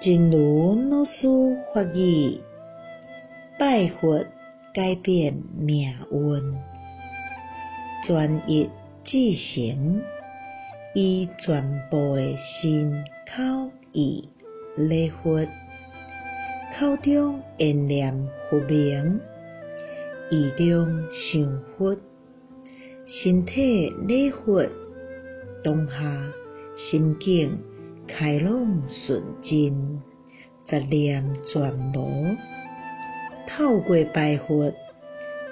真如老師法語，拜佛改變命運，專一至誠，以全部的心口意禮佛，口中緣念佛名，意中想佛，身體禮佛，當下心境，開朗、純真、雜念全無，透過拜佛，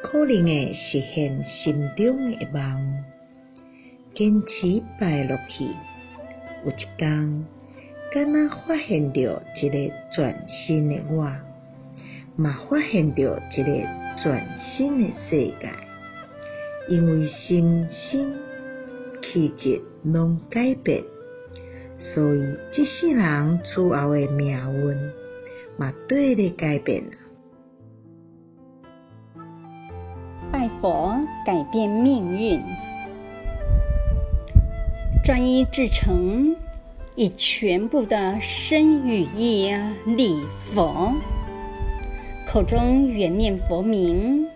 可能會實現心中的夢。堅持拜下去，有一天敢若發現到一個全新的我，也發現到一個全新的世界，因為身心氣質攏改變。所以，此生後面的命運嘛，也都改變了。拜佛改變命運，專一至誠，以全部的身語意啊。禮佛，口中緣念佛名，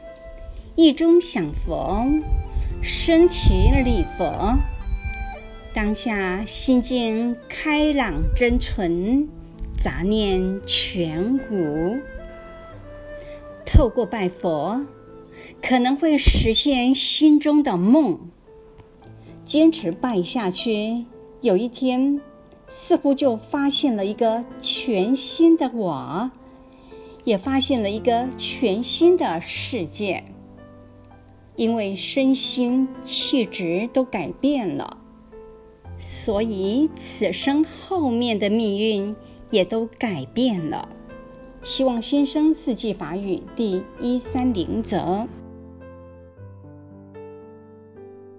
意中想佛，身體禮佛。當下心境開朗、真純，雜念全無。透過拜佛，可能會實現心中的夢。堅持拜下去，有一天，似乎就發現了一個全新的我，也發現了一個全新的世界，因為身心氣質都改變了。所以，此生後面的命運也都改變了。希望新生四季法語第一三零則。